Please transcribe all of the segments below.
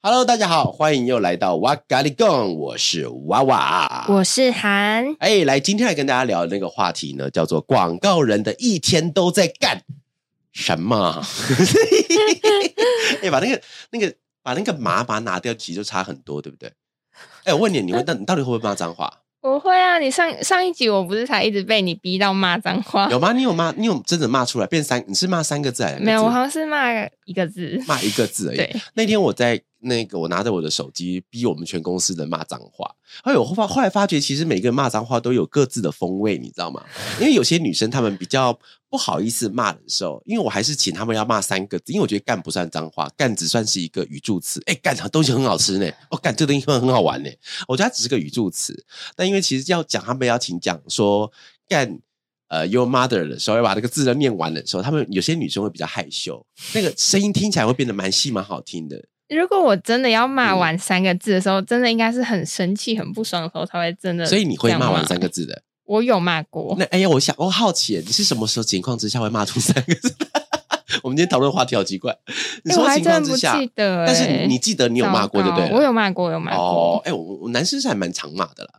哈嘍，Hello, 大家好，歡迎又來到哇嘎哩供，我是哇哇，我是韓。哎、欸，來，今天來跟大家聊的那個話題呢，叫做廣告人的一天都在幹什麼？嘿嘿嘿。哎，把那個、那個、把那個嘛把拿掉，其實就差很多，對不對？哎、欸，我問你，你問，你到底會不會罵髒話？我會啊！你上上一集我不是才一直被你逼到罵髒話？有嗎？你有罵？你有真的罵出來變三？你是罵三個字，還兩個字？沒有，我好像是罵一個字，罵一個字而已。對那天我在那個，我拿着我的手機逼我們全公司的罵髒話。哎呦，我發後來發覺其實每個人罵髒話都有各自的風味，你知道嗎？因為有些女生她們比較。不好意思罵的時候，因為我還是請他們要罵三個字，因為我覺得幹不算髒話，幹只算是一個語助詞。哎、欸，幹啥東西很好吃呢？哦，幹這東西很好玩呢。我覺得它只是個語助詞。但因為其實要講他們要請講說幹呃 your mother 的時候，要把這個字都念完的時候，他們有些女生會比較害羞，那個聲音聽起來會變得蠻細蠻好聽的。如果我真的要罵完三個字的時候，嗯、真的應該是很生氣、很不爽的時候才會真的。所以你會罵完三個字的。我有罵過，那哎呀、欸，我想，我、哦、好奇，你是什麼時候情況之下會罵出三個字？ 我們今天討論話題好奇怪，你說情況之下、欸、我還真不記得、欸。但是你，你記得你有罵過對，對不對？我有罵過，有罵過。哦，哎、欸，我我男生是還蠻常罵的啦。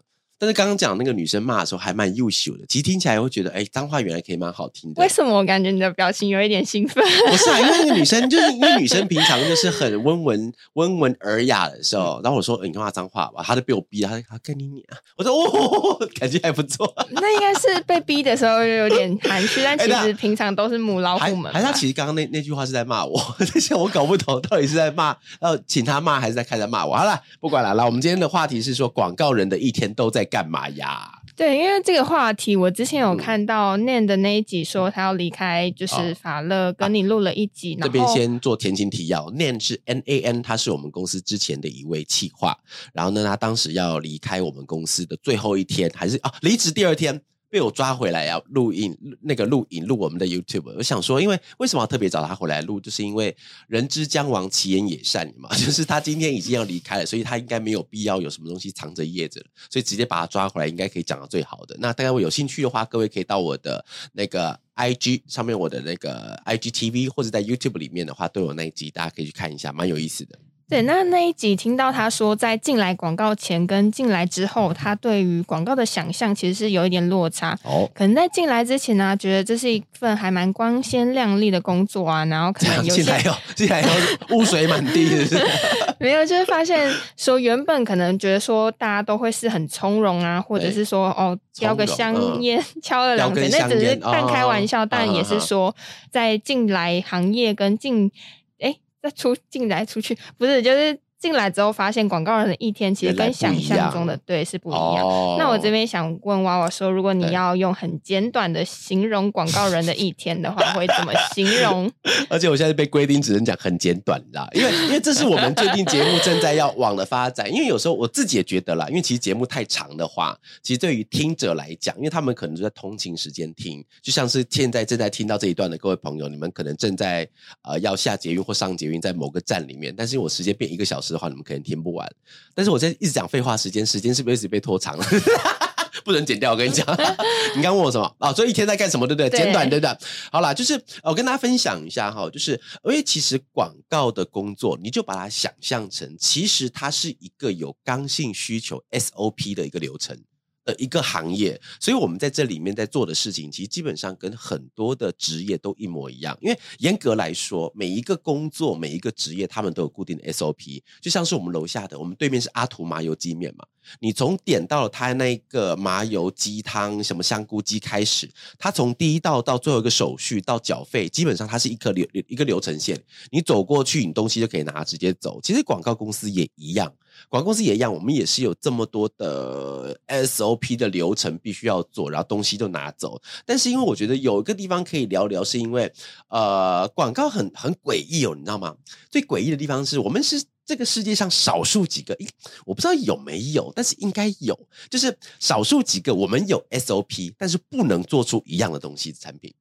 但是剛剛講那個女生罵的時候還蠻幼秀的，其實聽起來會覺得，哎，髒話原來可以蠻好聽的。為什麼我感覺你的表情有一點興奮？不是啊，因為那個女生就是，因為女生平常就是很溫文 溫文爾雅的時候，然後我說、呃、你罵髒話吧，她就被我逼了，她說她跟你你啊，我說哦，感覺還不錯。那應該是被逼的時候又有點含蓄， 但其實平常都是母老虎們還。還他其實剛剛那那句話是在罵我，而且我搞不懂到底是在罵要請他罵還是在開始罵我。好了，不管了，來，我們今天的話題是說廣告人的一天都在。幹嘛呀？對，因為這個話題，我之前有看到念的那一集，說他要離開，就是法樂跟你錄了一集，哦啊、然後這邊先做前情提要。念是 N A N，他是我們公司之前的一位企劃，然後呢，他當時要離開我們公司的最後一天，還是啊，離職第二天。被我抓回來要錄音，那個錄影，錄我們的 YouTube。我想說，因為為什麼要特別找他回來錄，就是因為人之將亡，其言也善嘛。就是他今天已經要離開了，所以他應該沒有必要有什麼東西藏着掖着，所以直接把他抓回來，應該可以講到最好的。那大家如果有興趣的話，各位可以到我的那個 IG 上面，我的那個 IGTV 或者在 YouTube 裡面的話，都有那一集，大家可以去看一下，蠻有意思的。對，那那一集聽到他說，在進來廣告前跟進來之後，他對於廣告的想象其實是有一點落差。哦，可能在進來之前呢、啊，覺得這是一份還蠻光鮮亮麗的工作啊，然後可能有進來要，進來要 污水滿地是是，沒有，就是發現說原本可能覺得說大家都會是很從容啊，或者是說、欸、哦，叼個香菸，嗯、敲了兩下，那只是半開玩笑，哦哦，但也是說在進來行業跟進。再出進來出去，不是就是。進來之後發現廣告人的一天其實跟想象中的對，是不一樣。Oh, 那我這邊想問娃娃說，如果你要用很簡短的形容廣告人的一天的話，對會怎麼形容？ 而且我現在被規定只能講很簡短啦，因為因為這是我們最近節目正在要往的發展。 因為有時候我自己也覺得啦，因為其實節目太長的話，其實對於聽者來講，因為他們可能就在通勤時間聽，就像是現在正在聽到這一段的各位朋友，你們可能正在呃要下捷運或上捷運，在某個站裡面，但是我時間變一個小時的話你們可能聽不完，但是我在一直講廢話時，時間時間是不是一直被拖長了？ 不能剪掉，我跟你講。 你剛問我什麼？啊、哦，所以一天在幹什麼，對不對？對，剪短，對不對？好了，就是我跟大家分享一下哈，就是因為其實廣告的工作，你就把它想象成，其實它是一個有剛性需求 SOP 的一個流程。一個行業，所以我們在這裡面在做的事情，其實基本上跟很多的職業都一模一樣。因為嚴格來說，每一個工作、每一個職業，他們都有固定的 SOP。就像是我們樓下的，我們對面是阿圖麻油雞面嘛。你從點到了他那個麻油雞湯，什麼香菇雞開始，他從第一道到最後一個手續到繳費，基本上它是一個流一個流程線。你走過去，你東西就可以拿，直接走。其實廣告公司也一樣，廣告公司也一樣，我們也是有這麼多的。SOP 的流程，必須要做，然後東西都拿走。但是，因為我覺得有一個地方可以聊聊，是因為呃，廣告很很詭異哦，你知道嗎？最詭異的地方是，我們是這個世界上少數幾個，誒，我不知道有沒有，但是應該有，就是少數幾個，我們有 SOP，但是不能做出一樣的東西的產品。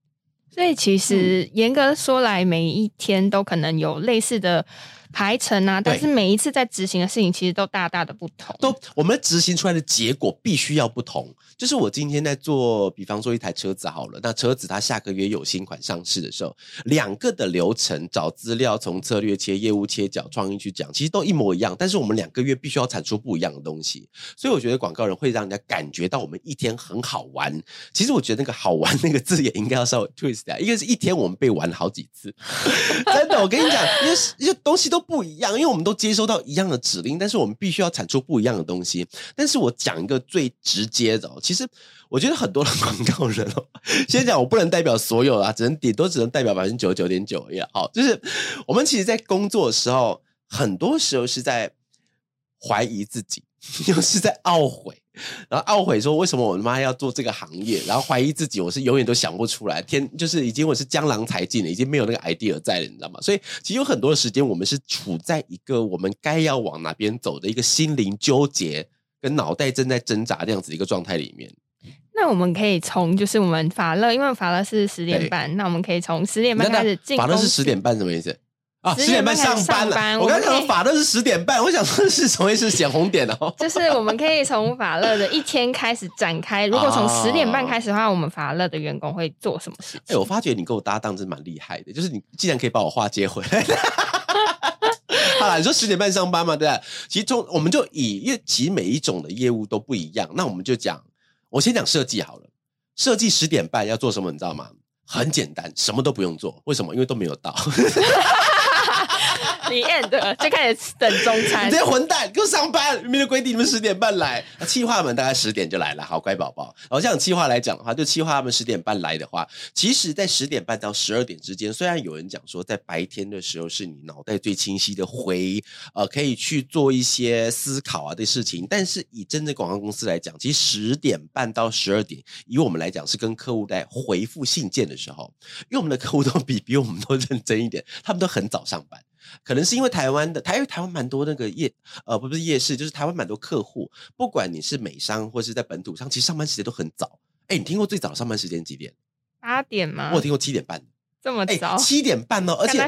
所以，其實、嗯、嚴格說來，每一天都可能有類似的。排程啊，對但是每一次在執行的事情其實都大大的不同。都，我們執行出來的結果必須要不同。就是我今天在做，比方說一台車子好了，那車子它下個月有新款上市的時候，兩個的流程找資料，從策略切業務切角，創意去講，其實都一模一樣。但是我們兩個月必須要產出不一樣的東西。所以我覺得廣告人會讓人家感覺到我們一天很好玩。其實我覺得那個好玩那個字也應該要稍微 twist 一下，因為是一天我們被玩了好幾次。 真的，我跟你講，因為因為東西都。不一樣，因為我們都接收到一樣的指令，但是我們必須要產出不一樣的東西。但是我講一個最直接的，哦，其實我覺得很多的廣告人哦，先講我不能代表所有啦，啊，只能頂多只能代表百分之九十九點九也好，就是我們其實，在工作的時候，很多時候是在懷疑自己，又是在懊悔。然後懊悔說：“為什麼我媽要做這個行業？”然後懷疑自己：“我是永遠都想不出來。”天，就是已經我是江郎才盡了，已經沒有那個 idea 在了，你知道嗎？所以其實有很多時間，我們是處在一個我們該要往哪邊走的一個心靈糾結跟腦袋正在掙扎這樣子的一個狀態裡面。那我們可以從就是我們法樂，因為法樂是十點半，對那我們可以從十點半開始進。法樂是十點半什麼意思？啊，十點半上班了。我剛講法樂是十點半，我想說是，從也是顯紅點哦。就是我們可以從法樂的一天開始展開。啊，如果從十點半開始的話，我們法樂的員工會做什麼事？哎，我發覺你跟我搭檔真蠻厲害的，就是你既然可以把我話接回來，啊 好啦，你說十點半上班嘛，對吧？其實從我們就以，因為其實每一種的業務都不一樣，那我們就講，我先講設計好了。設計十點半要做什麼？你知道嗎？很簡單，什麼都不用做。為什麼？因為都沒有到。 你 The end 就開始等中餐，你這混蛋給我上班！明明規定你們十點半來。那、啊、企劃們，大概十點就來了，好乖寶寶。然後這樣企劃來講的話，就企劃他們十點半來的話，其實在十點半到十二點之間，雖然有人講說在白天的時候是你腦袋最清晰的回，呃，可以去做一些思考啊的事情，但是以真的廣告公司來講，其實十點半到十二點，以我們來講是跟客戶在回復信件的時候，因為我們的客戶都比比我們都認真一點，他們都很早上班。可能是因為台灣的，因為台灣蠻多那個夜，呃，不是夜市，就是台灣蠻多客戶，不管你是美商或是在本土商，其實上班時間都很早。欸，你聽過最早上班時間幾點？八點嗎？我聽過七點半，這麼早？欸，七點半喔？而且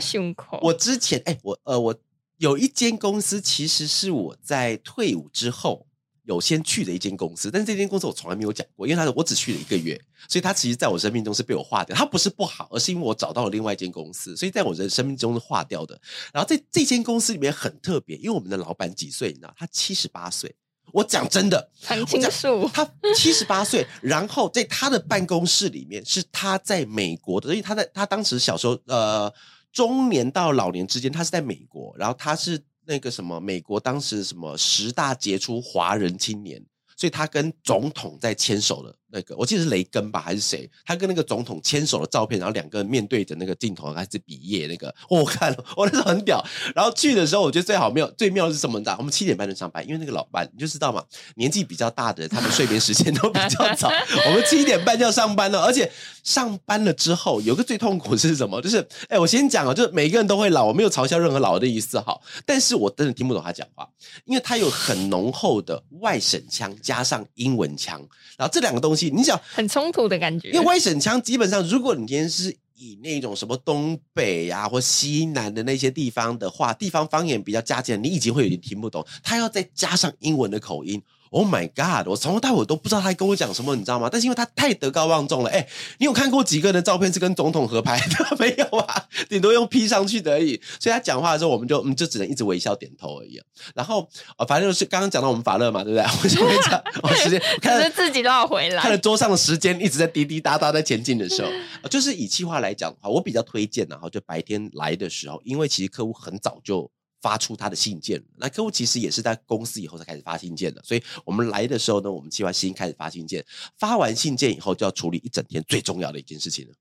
我之前，欸，我呃，我有一間公司，其實是我在退伍之後。有先去的一間公司，但是這間公司我從來沒有講過，因為他是，我只去了一個月，所以他其實在我生命中是被我劃掉。他不是不好，而是因為我找到了另外一間公司，所以在我人生命中是劃掉的。然後在這間公司裡面很特別，因為我們的老闆幾歲？你知道，他七十八歲。我講真的，很傾訴。他七十八歲，然後在他的辦公室裡面 是他在美國的，因為他在他當時小時候呃中年到老年之間，他是在美國，然後他是。那個什麼，美國當時什麼十大傑出華人青年，所以他跟總統在牽手了。那個我記得是雷根吧，還是誰？他跟那個總統牽手的照片，然後兩個人面對着那個鏡頭，還是比耶那個？哦，我看了，我那時候很屌。然後去的時候，我覺得最好妙，最妙是什麼呢？我們七點半就上班，因為那個老闆你就知道嘛，年紀比較大的，他們睡眠時間都比較早。 我們七點半就要上班了，而且上班了之後，有個最痛苦是什麼？就是哎，我先講啊，就是每個人都會老，我沒有嘲笑任何老的意思哈。但是我真的聽不懂他講話，因為他有很濃厚的外省腔，加上英文腔，然後這兩個東西。你想很衝突的感覺，因為外省腔基本上，如果你今天是以那種什麼東北呀、啊、或西南的那些地方的話，地方方言比較加減你已經會有點聽不懂，他要再加上英文的口音。Oh my god！我從頭到尾都不知道他跟我講什麼，你知道嗎？但是因為他太德高望重了，誒，你有看過幾個人的照片是跟總統合拍的沒有啊？頂多用 P 上去的而已。所以他講話的時候，我們就嗯，就只能一直微笑點頭而已。然後，哦、反正就是剛剛講到我們法樂嘛，對不對？我先講，我時間看着自己都要回來，看着桌上的時間一直在滴滴答答在前進的時候， 呃、就是以企劃來講的話，我比較推薦、啊，然後就白天來的時候，因為其實客戶很早就。發出他的信件，那客戶其實也是在公司以後才開始發信件的，所以我們來的時候呢，我們計劃新開始發信件，發完信件以後就要處理一整天最重要的一件事情了。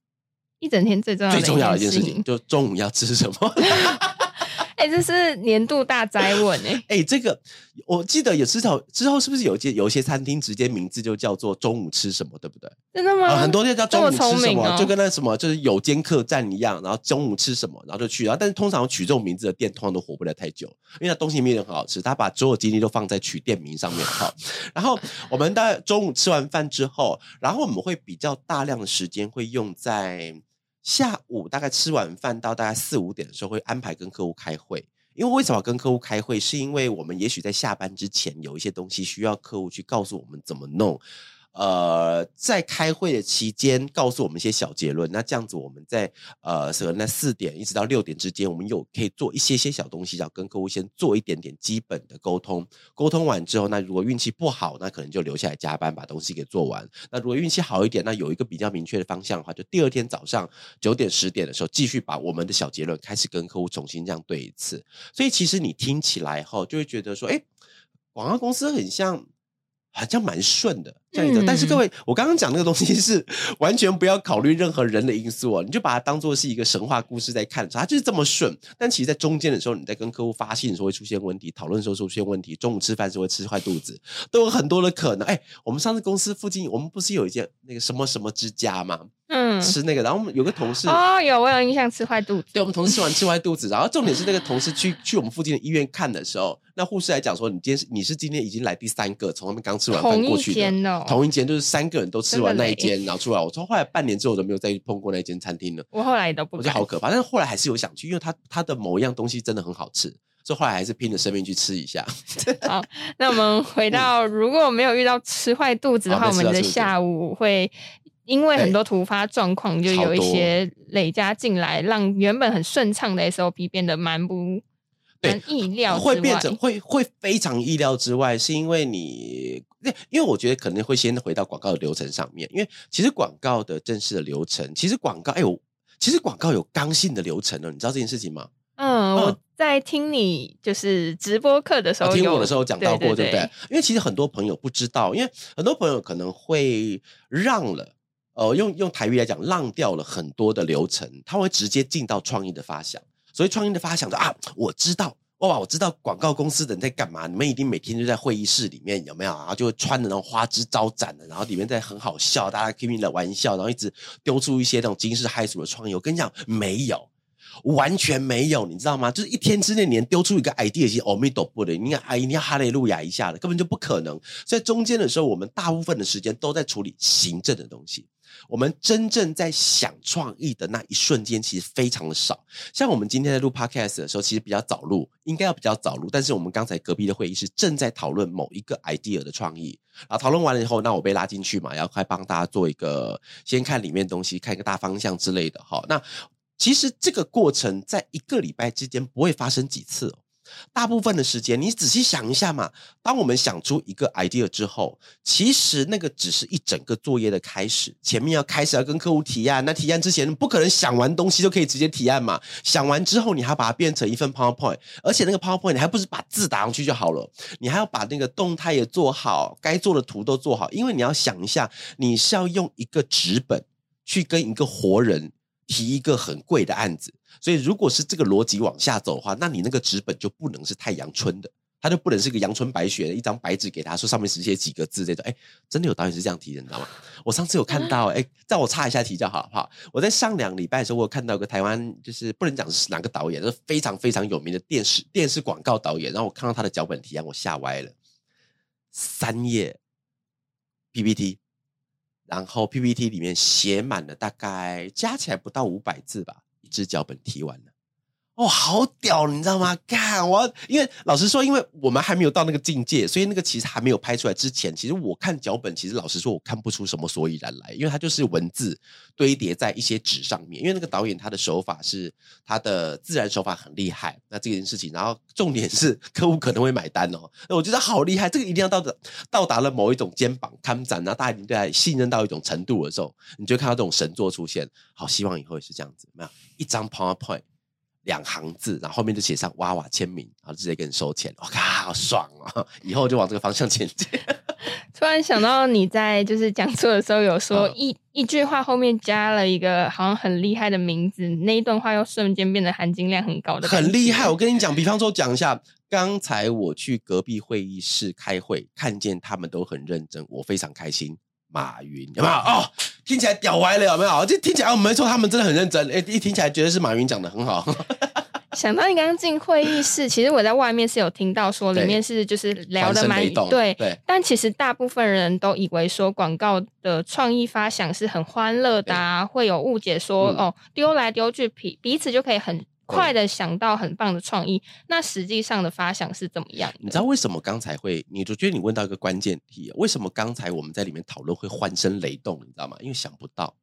一整天最重要的最重要的一件事情，就中午要吃什麼？ 哎，這是年度大災問哎、欸！哎、欸，這個我記得有少之後之後，是不是有些有一些餐廳直接名字就叫做中午吃什麼，對不對？真的嗎？很多店叫中午吃什麼，麼哦、就跟那什麼就是有間客棧一樣，然後中午吃什麼，然後就去，然後但是通常取這種名字的店，通常都活不了太久，因為它東西沒有很好吃，他把所有精力都放在取店名上面哈。 然後我們大概中午吃完飯之後，然後我們會比較大量的時間會用在。下午大概吃完飯到大概四五點的時候，會安排跟客戶開會。因為為什麼要跟客戶開會？是因為我們也許在下班之前有一些東西需要客戶去告訴我們怎麼弄。呃，在開會的期間，告訴我們一些小結論。那這樣子，我們在呃，從那四點一直到六點之間，我們有可以做一些些小東西，要跟客戶先做一點點基本的溝通。溝通完之後，那如果運氣不好，那可能就留下來加班，把東西給做完。那如果運氣好一點，那有一個比較明確的方向的話，就第二天早上九點、十點的時候，繼續把我們的小結論開始跟客戶重新這樣對一次。所以，其實你聽起來哈，就會覺得說，哎，廣告公司很像，好像蠻順的。的，但是各位，我剛剛講那個東西是完全不要考慮任何人的因素哦、啊，你就把它當做是一個神話故事在看的時候，它就是這麼順。但其實，在中間的時候，你在跟客戶發信的時候會出現問題，討論的時候出現問題，中午吃飯時候會吃壞肚子，都有很多的可能。哎、欸，我們上次公司附近，我們不是有一間那個什麼什麼之家嗎？嗯，吃那個，然後我們有個同事，哦，有，我有印象吃壞肚子，對我們同事吃完吃壞肚子，然後重點是那個同事去、嗯、去我們附近的醫院看的時候，那護士來講說，你今天你是今天已經來第三個，從他們剛吃完飯過去的。同一間，就是三個人都吃完那一間，然後出來。我說，後來半年之後我都沒有再碰過那間餐廳了。我後來都不，我覺得好可怕。但是後來還是有想去，因為他他的某一樣東西真的很好吃，所以後來還是拼了生命去吃一下。 好，那我們回到，如果沒有遇到吃壞肚子的話，嗯、我們的下午會因為很多突發狀況，就有一些累加進來，讓原本很順暢的 SOP 變得蠻不。嗯、對，意料會變成會會非常意料之外，是因為你，因為因為我覺得可能會先回到廣告的流程上面，因為其實廣告的正式的流程，其實廣告，哎呦，喲其實廣告有剛性的流程呢、哦，你知道這件事情嗎？嗯，嗯我在聽你就是直播課的時候、啊，聽我的時候講到過，對，對，對，對不對？因為其實很多朋友不知道，因為很多朋友可能會讓了，呃，用用台語來講，讓掉了很多的流程，他會直接進到創意的發想。所以，創意的發想說啊，我知道，哇，我知道廣告公司的人在幹嘛？你們一定每天就在會議室裡面有沒有？然後就會穿的那種花枝招展的，然後裡面在很好笑，大家拼命的玩笑，然後一直丟出一些那種驚世駭俗的創意。我跟你講，沒有。完全沒有，你知道嗎？就是一天之內，你能丟出一個 idea 去阿彌陀佛的，你要哎，你要哈利路亞一下的，根本就不可能。所以在中間的時候，我們大部分的時間都在處理行政的東西，我們真正在想創意的那一瞬間，其實非常的少。像我們今天在錄 podcast 的時候，其實比較早錄，應該要比較早錄。但是我們剛才隔壁的會議室正在討論某一個 idea 的創意，然後、啊、討論完了以後，那我被拉進去嘛，要快幫大家做一個先看裡面東西，看一個大方向之類的。哈、哦，那。其實這個過程在一個禮拜之間不會發生幾次哦，大部分的時間你仔細想一下嘛。當我們想出一個 idea 之後，其實那個只是一整個作業的開始。前面要開始要跟客戶提案，那提案之前不可能想完東西就可以直接提案嘛。想完之後，你還要把它變成一份 PowerPoint，而且那個 PowerPoint 你還不是把字打上去就好了？你還要把那個動態也做好，該做的圖都做好，因為你要想一下，你是要用一個紙本去跟一個活人提一個很貴的案子，所以如果是這個邏輯往下走的話，那你那個紙本就不能是太陽春的，它就不能是個陽春白雪的一張白紙，給他說上面只寫幾個字這種。哎，真的有導演是這樣提的，你知道嗎？我上次有看到，哎，讓我插一下題就好了，好，我在上兩禮拜的時候，我有看到一個台灣，就是不能講是哪個導演，就是非常非常有名的電視電視廣告導演，然後我看到他的腳本提案，我嚇歪了，三頁 PPT。PP 然後 PPT 裡面寫滿了，大概加起來不到五百字吧，一支腳本提完了。哦，好屌，你知道嗎？幹我，因為老實說，因為我們還沒有到那個境界，所以那個其實還沒有拍出來之前，其實我看腳本，其實老實說，我看不出什麼所以然來，因為它就是文字堆疊在一些紙上面。因為那個導演他的手法是他的自然手法很厲害，那這件事情，然後重點是客戶可能會買單哦。那我覺得好厲害，這個一定要到的到達了某一種肩膀看展，然後大家已經對他信任到一種程度的時候，你就會看到這種神作出現。好，希望以後也是這樣子，沒有一張 PowerPoint。兩行字，然後後面就寫上娃娃簽名，然後直接給你收錢，哇、哦，好爽哦、啊。以後就往這個方向前進。 突然想到你在就是講座的時候有說、嗯、一一句話後面加了一個好像很厲害的名字，那一段話又瞬間變得含金量很高的。很厲害，我跟你講，比方說講一下，剛才我去隔壁會議室開會，看見他們都很認真，我非常開心。馬雲有沒有？哦，聽起來屌歪了有沒有？這聽起來我沒錯，他們真的很認真。欸，一聽起來覺得是馬雲講的很好。 想到你剛剛進會議室，其實我在外面是有聽到說裡面是就是聊的蠻對，對對但其實大部分人都以為說廣告的創意發想是很歡樂的、啊，對會有誤解說、嗯、哦丟來丟去彼彼此就可以很。對快的想到很棒的創意，那實際上的發想是怎麼樣？你知道為什麼剛才會？你就覺得你問到一個關鍵題，為什麼剛才我們在裡面討論會歡聲雷動？你知道嗎？因為想不到，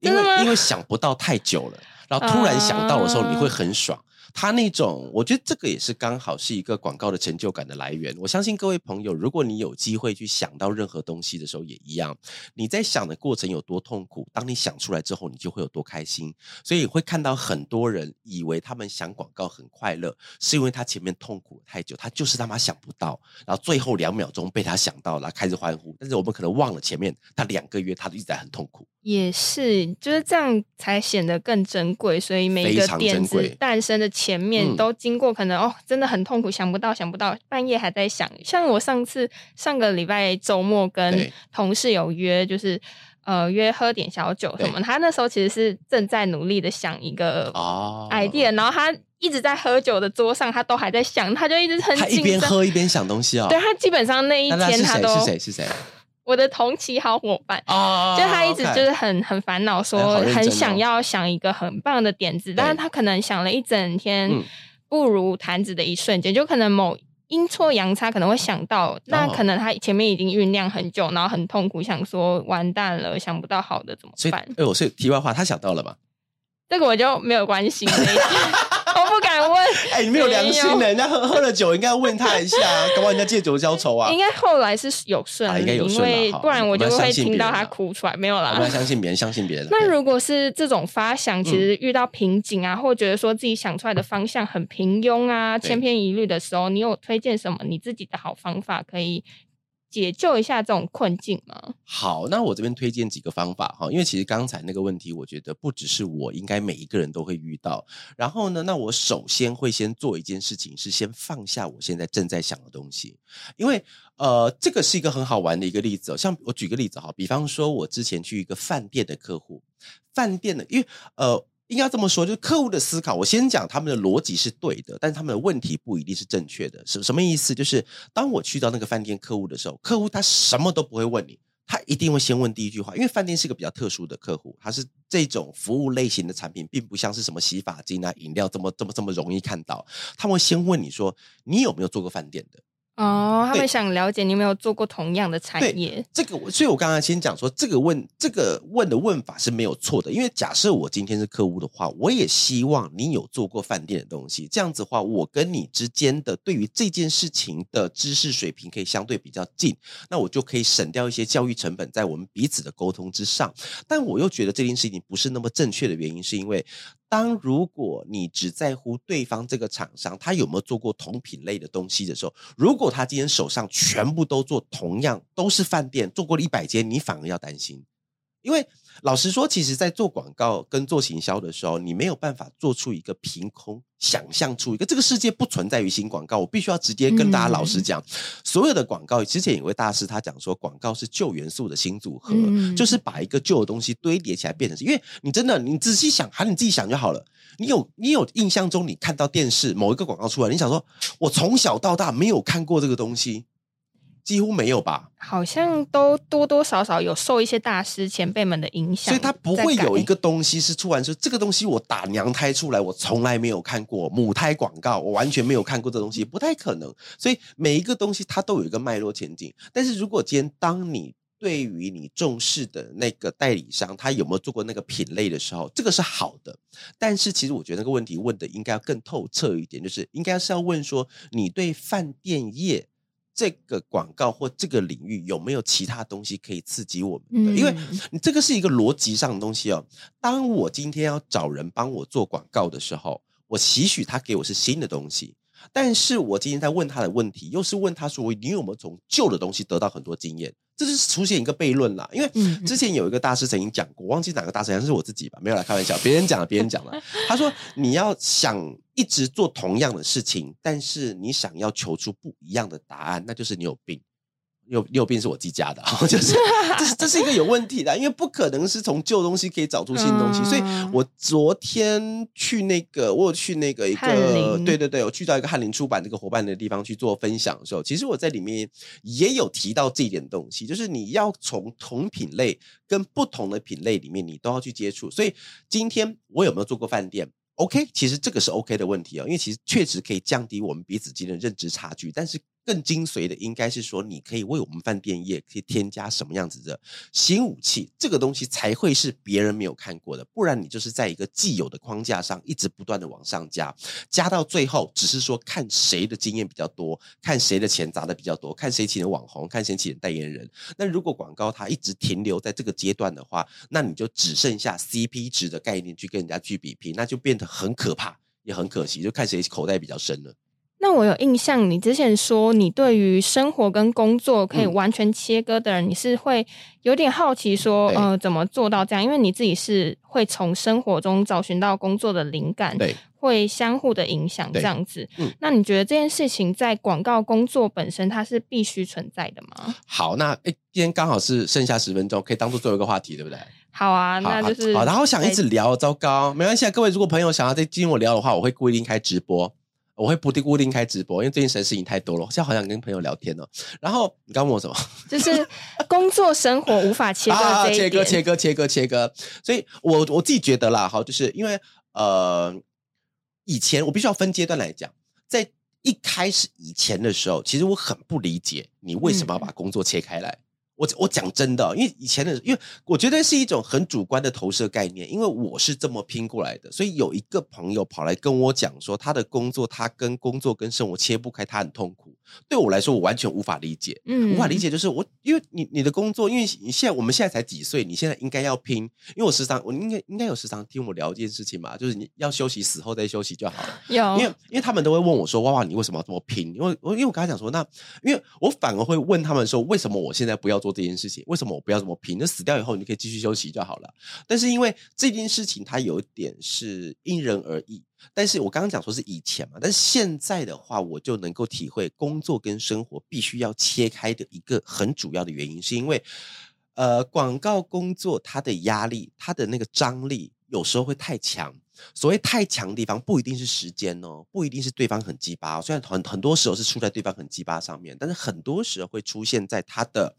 因為因為想不到太久了，然後突然想到的時候，你會很爽。Uh 他那種，我覺得這個也是剛好是一個廣告的成就感的來源。我相信各位朋友，如果你有機會去想到任何東西的時候，也一樣，你在想的過程有多痛苦，當你想出來之後，你就會有多開心。所以會看到很多人以為他們想廣告很快樂，是因為他前面痛苦太久，他就是他媽想不到，然後最後兩秒鐘被他想到了，開始歡呼。但是我們可能忘了前面他兩個月他都一直在很痛苦。也是就是這樣才顯得更珍貴，所以每一個點子誕生的。前面都經過，可能、嗯、哦，真的很痛苦，想不到，想不到，半夜還在想。像我上次上個禮拜周末跟同事有約，就是對呃約喝點小酒什麼。對他那時候其實是正在努力的想一個 idea，、哦、然後他一直在喝酒的桌上，他都還在想，他就一直很緊張，他一邊喝一邊想東西啊、哦。對，他基本上那一天他都。那那是誰是誰？是我的同期好伙伴哦，oh, oh, oh, okay. 就他一直就是很很煩惱，說很想要想一個很棒的點子，欸哦、但是他可能想了一整天，對不如彈指的一瞬間，就可能某陰錯陽差可能會想到，oh, 那可能他前面已經醞釀很久，然後很痛苦，想說完蛋了，想不到好的怎麼辦？哎，我、呃、是題外話，他想到了吧？這個我就沒有關係，我不。 哎、欸，你沒有良心的，欸，也要 人家喝喝了酒， 應該要問他一下，幹嘛人家借酒消愁啊？應該後來是有順、啊，應該有順了，因為不然我就會聽到他哭出來，沒有啦。不要相信別人，相信別人。 對那如果是這種發想，其實遇到瓶頸啊，嗯、或覺得說自己想出來的方向很平庸啊、對千篇一律的時候，你有推薦什麼你自己的好方法可以？解救一下這種困境嗎？好，那我這邊推薦幾個方法哈，因為其實剛才那個問題，我覺得不只是我，應該每一個人都會遇到。然後呢，那我首先會先做一件事情，是先放下我現在正在想的東西，因為呃，這個是一個很好玩的一個例子哦。像我舉個例子哈，比方說，我之前去一個飯店的客戶，飯店的，因為呃。應該這麼說，就是客戶的思考，我先講他們的邏輯是對的，但是他們的問題不一定是正確的，什什麼意思？就是當我去到那個飯店客戶的時候，客戶他什麼都不會問你，他一定會先問第一句話，因為飯店是個比較特殊的客戶，它是這種服務類型的產品，並不像是什麼洗髮精啊、飲料這麼這麼這麼容易看到，他會先問你說，你有沒有做過飯店的？哦，oh, 他們想了解你有沒有做過同樣的產業？對，這個，所以我剛才先講說，這個問，這個問的問法是沒有錯的。因為假設我今天是客戶的話，我也希望你有做過飯店的東西。這樣子的話，我跟你之間的對於這件事情的知識水平可以相對比較近，那我就可以省掉一些教育成本在我們彼此的溝通之上。但我又覺得這件事情不是那麼正確的原因，是因為。當如果你只在乎對方這個廠商，他有沒有做過同品類的東西的時候，如果他今天手上全部都做同樣，都是飯店，做過了一百間，你反而要擔心。因為老實說，其實，在做廣告跟做行銷的時候，你沒有辦法做出一個憑空想象出一個這個世界不存在於新廣告。我必須要直接跟大家老實講，嗯、所有的廣告之前有位大師他講說，廣告是舊元素的新組合，嗯、就是把一個舊的東西堆疊起來變成。因為你真的，你仔細想，換你自己想就好了。你有，你有印象中，你看到電視某一個廣告出來，你想說，我從小到大沒有看過這個東西。幾乎沒有吧，好像都多多少少有受一些大師前輩們的影響，所以他不會有一個東西是突然說這個東西我打娘胎出來，我從來沒有看過母胎廣告，我完全沒有看過這東西， 不太可能。所以每一個東西它都有一個脈絡前景。但是如果今天當你對於你重視的那個代理商他有沒有做過那個品類的時候，這個是好的。但是其實我覺得那個問題問的應該要更透徹一點，就是應該是要問說你對飯店業。這個廣告或這個領域有沒有其他東西可以刺激我們？因為你這個是一個邏輯上的東西哦。當我今天要找人幫我做廣告的時候，我期許他給我是新的東西，但是我今天在問他的問題，又是問他說你有沒有從舊的東西得到很多經驗？這就是出現一個悖論啦。因為之前有一個大師曾經講過，忘記哪個大師還是我自己吧，沒有來開玩笑，別人講了，別人講了。 他說你要想。一直做同樣的事情，但是你想要求出不一樣的答案，那就是你有病。你有你有病是我自家的，就是 這是這是一個有問題的，因為不可能是從舊東西可以找出新東西。嗯，所以我昨天去那個，我有去那個一個，翰林。對對對，我去到一個翰林出版這個夥伴的地方去做分享的時候，其實我在裡面也有提到這一點東西，就是你要從同品類跟不同的品類裡面，你都要去接觸。所以今天我有沒有做過飯店？OK，其實這個是 OK 的問題啊、哦，因為其實確實可以降低我們彼此之間的認知差距，但是。更精髓的應該是說，你可以為我們飯店業可以添加什麼樣子的新武器，這個東西才會是別人沒有看過的。不然你就是在一個既有的框架上一直不斷的往上加，加到最後，只是說看誰的經驗比較多，看誰的錢砸的比較多，看誰請的網紅，看誰請的代言人。那如果廣告它一直停留在這個階段的話，那你就只剩下 CP 值的概念，去跟人家去比拼，那就變得很可怕，也很可惜，就看誰口袋比較深了。那我有印象，你之前說你對於生活跟工作可以完全切割的人，嗯、你是會有點好奇說，說對呃，怎麼做到這樣？因為你自己是會從生活中找尋到工作的靈感，對，會相互的影響這樣子。嗯、那你覺得這件事情在廣告工作本身它是必須存在的嗎？好，那誒、欸，今天剛好是剩下十分鐘，可以當作最後一個話題，對不對？好啊，好啊，那就是好、啊好啊，然後我想一直聊，欸、糟糕，沒關係啊，各位，如果朋友想要再跟我聊的話，我會故意離開直播。我會不定固定開直播，因為最近神事情太多了，我現在好想跟朋友聊天哦。然後你剛，剛問我什麼？就是工作生活無法切割、 啊，切割切割切割切割。所以我我自己覺得啦，哈，就是因為呃，以前我必須要分階段來講，在一開始以前的時候，其實我很不理解你為什麼要把工作切開來。嗯我我講真的，因為以前的，因為我覺得是一種很主觀的投射概念，因為我是這麼拼過來的，所以有一個朋友跑來跟我講說他的工作，他跟工作跟生活切不開，他很痛苦。對我來說，我完全無法理解，嗯，無法理解。就是我，因為你你的工作，因為你現在我們現在才幾歲，你現在應該要拼。因為我時常，我應該應該有時常聽我聊一件事情嘛，就是你要休息，死後再休息就好了。有，因為因為他們都會問我說：“哇哇，你為什麼要這麼拼？”因為因為我剛才講說那，那因為，我反而會問他們說：“為什麼我現在不要做這件事情？為什麼我不要這麼拼？那死掉以後，你可以繼續休息就好了。”但是因為這件事情，它有點是因人而異。但是我剛剛講說是以前嘛，但是現在的話，我就能夠體會工作跟生活必須要切開的一個很主要的原因，是因為，呃，廣告工作它的壓力，它的那個張力有時候會太強。所謂太強的地方，不一定是時間哦，不一定是對方很雞巴哦，雖然很很多時候是出在對方很雞巴上面，但是很多時候會出現在它的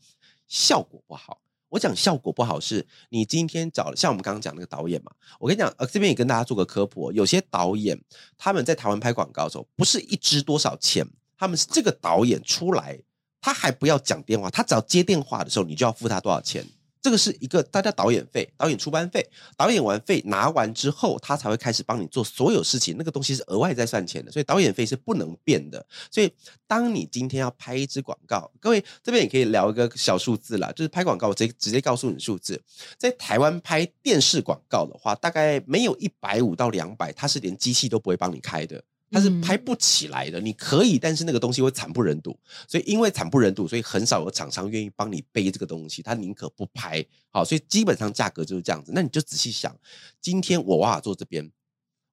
效果不好。我講效果不好是，你今天找像我們剛剛講那個導演嘛。我跟你講，呃，這邊也跟大家做個科普哦，有些導演他們在台灣拍廣告的時候，不是一支多少錢，他們是這個導演出來，他還不要講電話，他只要接電話的時候，你就要付他多少錢。這個是一個大家導演費、導演出班費、導演完費拿完之後，他才會開始幫你做所有事情。那個東西是額外在算錢的，所以導演費是不能變的。所以，當你今天要拍一支廣告，各位，這邊也可以聊一個小數字啦，就是拍廣告，我直接直接告訴你數字，在台灣拍電視廣告的話，大概沒有一百五到兩百，它，是連機器都不會幫你開的。它是拍不起來的，嗯、你可以，但是那個東西會慘不忍睹，所以因為慘不忍睹，所以很少有廠商願意幫你背這個東西，他寧可不拍。好、哦，所以基本上價格就是這樣子。那你就仔細想，今天我 Wawa、啊、坐這邊，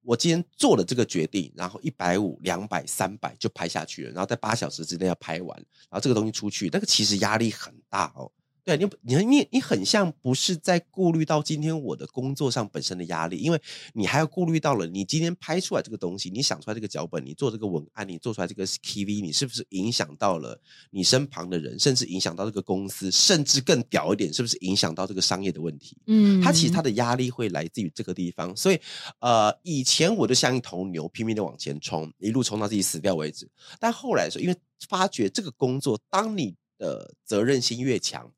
我今天做了這個決定，然後一百五、兩百、三百就拍下去了，然後在八小時之內要拍完，然後這個東西出去，那個其實壓力很大哦。對，你你你你很像不是在顧慮到今天我的工作上本身的壓力，因為你還要顧慮到了你今天拍出來這個東西，你想出來這個腳本，你做這個文案，你做出來這個 KV，你是不是影響到了你身旁的人，甚至影響到這個公司，甚至更屌一點，是不是影響到這個商業的問題？嗯，它其實它的壓力會來自於這個地方。所以，呃，以前我就像一頭牛拼命的往前衝，一路衝到自己死掉為止。但後來說，因為發覺這個工作，當你的責任心越強。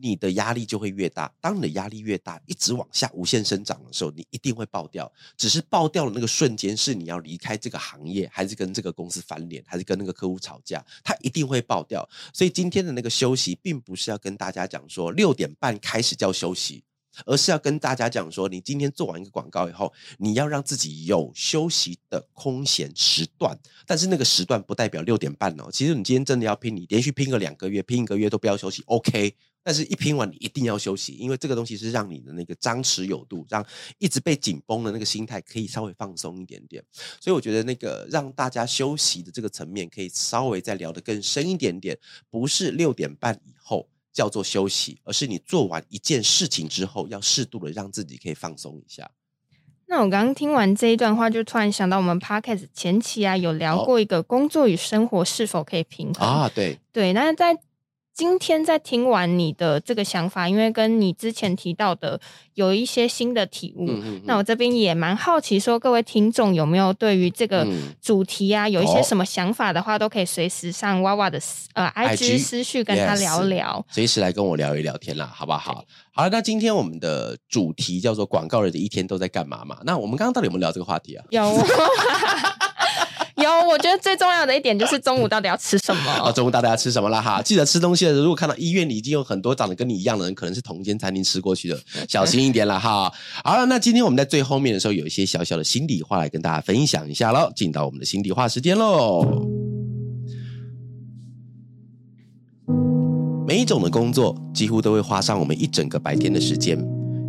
你的壓力就會越大，當你的壓力越大，一直往下無限生長的時候，你一定會爆掉。只是爆掉的那個瞬間，是你要離開這個行業，還是跟這個公司翻臉，還是跟那個客戶吵架？他一定會爆掉。所以今天的那個休息，並不是要跟大家講說六點半開始叫休息，而是要跟大家講說，你今天做完一個廣告以後，你要讓自己有休息的空閒時段。但是那個時段不代表六點半哦。其實你今天真的要拼，你連續拼個兩個月，拼一個月都不要休息，OK。但是，一拼完你一定要休息，因為這個東西是讓你的那個張弛有度，讓一直被緊繃的那個心態可以稍微放鬆一點點。所以，我覺得那個讓大家休息的這個層面，可以稍微再聊得更深一點點。不是六點半以後叫做休息，而是你做完一件事情之後，要適度的讓自己可以放鬆一下。那我剛剛聽完這一段話，就突然想到，我們 podcast 前期啊，有聊過一個工作與生活是否可以平衡、哦、啊？對對，那在。今天在聽完你的這個想法，因為跟你之前提到的有一些新的體悟，嗯嗯嗯，那我這邊也蠻好奇，說各位聽眾有沒有對於這個主題啊，嗯、有一些什麼想法的話，哦、都可以隨時上娃娃的呃 I G 私訊跟他聊聊，隨、yes，時來跟我聊一聊天啦，好不好？對好了，那今天我們的主題叫做廣告人的一天都在幹嘛嘛？那我們剛剛到底有沒有聊這個話題啊？有。 有，我覺得最重要的一點就是中午到底要吃什麼。 中午到底要吃什麼了哈？記得吃東西的時候，如果看到醫院裡已經有很多長得跟你一樣的人，可能是同一間餐廳吃過去的， 小心一點了哈。好了，那今天我們在最後面的時候，有一些小小的心裡話來跟大家分享一下嘍。進到我們的心裡話時間嘍。 每一種的工作幾乎都會花上我們一整個白天的時間。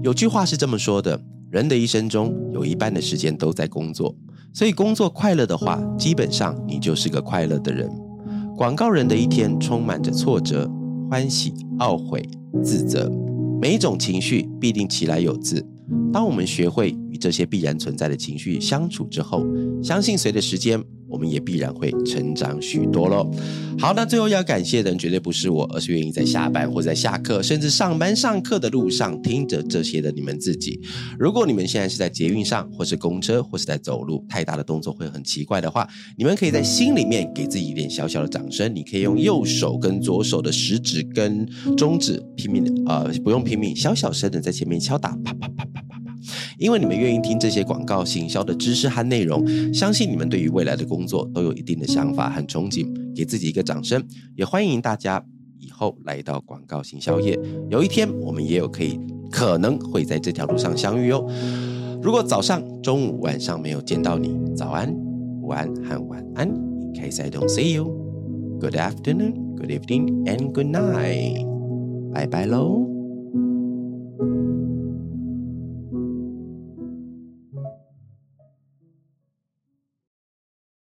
有句話是這麼說的：人的一生中有一半的時間都在工作。所以，工作快樂的話，基本上你就是個快樂的人。廣告人的一天充滿着挫折、歡喜、懊悔、自責，每一種情緒必定其來有自。當我們學會與這些必然存在的情緒相處之後，相信隨着時間。我們也必然會成長許多嘍。好，那最後要感謝的人絕對不是我，而是願意在下班或在下課，甚至上班上課的路上聽着這些的你們自己。如果你們現在是在捷運上，或是公車，或是在走路，太大的動作會很奇怪的話，你們可以在心裡面給自己一點小小的掌聲。你可以用右手跟左手的食指跟中指拼命的，呃，不用拼命，小小聲的在前面敲打，啪啪啪啪啪。因為你們願意聽這些廣告行銷的知識和內容，相信你們對於未來的工作都有一定的想法和憧憬，給自己一個掌聲。也歡迎大家以後來到廣告行銷業，有一天我們也有可以可能會在這條路上相遇哦。如果早上、中午、晚上沒有見到你，早安、午安和晚安。In case I don't see you, good afternoon, good evening and good night。拜拜嘍。